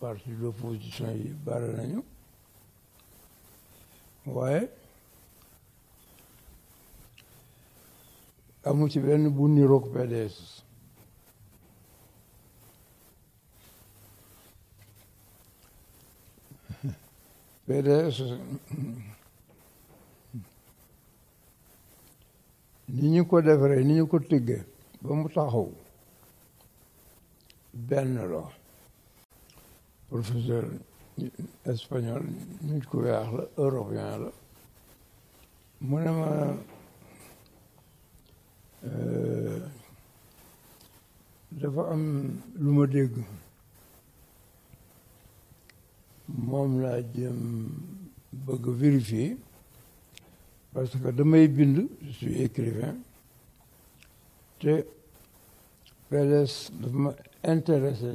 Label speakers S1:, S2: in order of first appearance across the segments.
S1: parti de yi bare nañu waaye amu ci benn bu niroog PDS PDS ni ñu ko defaree ni ñu ko tëggee ba mu taxaw benn la professeur espagnol nit ku européen mon mu euh, je dafa am mm, lu ma dégg moom jëm vérifier parce que damay bind je suis écrivain te je dafa ma intéressé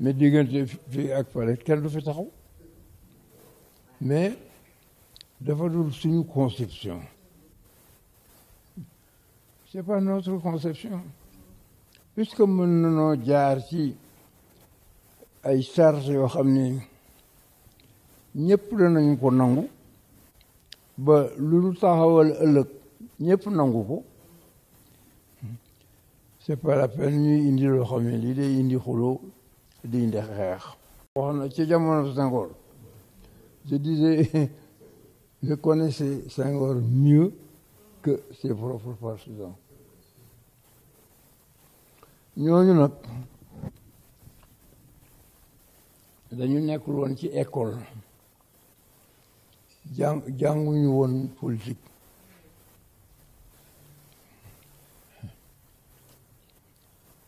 S1: mais diggante fi ak fële kenn du fi taxaw mais dafa dul suñu conception c'est pas notre conception puisque mën nanoo jaar ci ay charge yoo xam ni ñëpp danañ ko nangu ba lu ñu taxawal ëllëg ñëpp nangu ko c'est pas la peine ñuy indi loo xam ne lii day indi xuloo je disais je connaissais Senghor mieux que ses propres partisans nous avons dañu nekkul école nous politique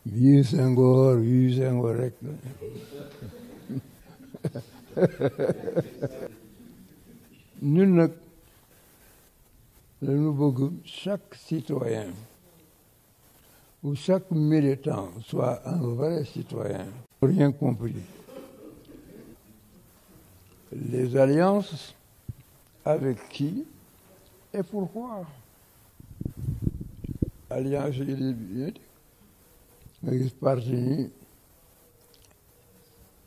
S1: vieux Senghor, vieux Senghor Nous Nous, Le nouveau groupe, chaque citoyen ou chaque militant soit un vrai citoyen. Rien compris. Les alliances avec qui et pourquoi Alliance il est parti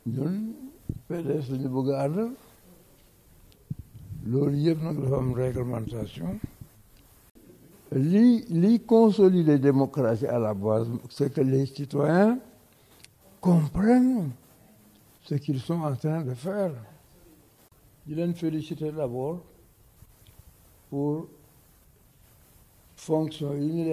S1: nous de la réglementation à la base c'est que les citoyens comprennent ce qu'ils sont en train de faire Je leen féliciter d'abord pour fonctionner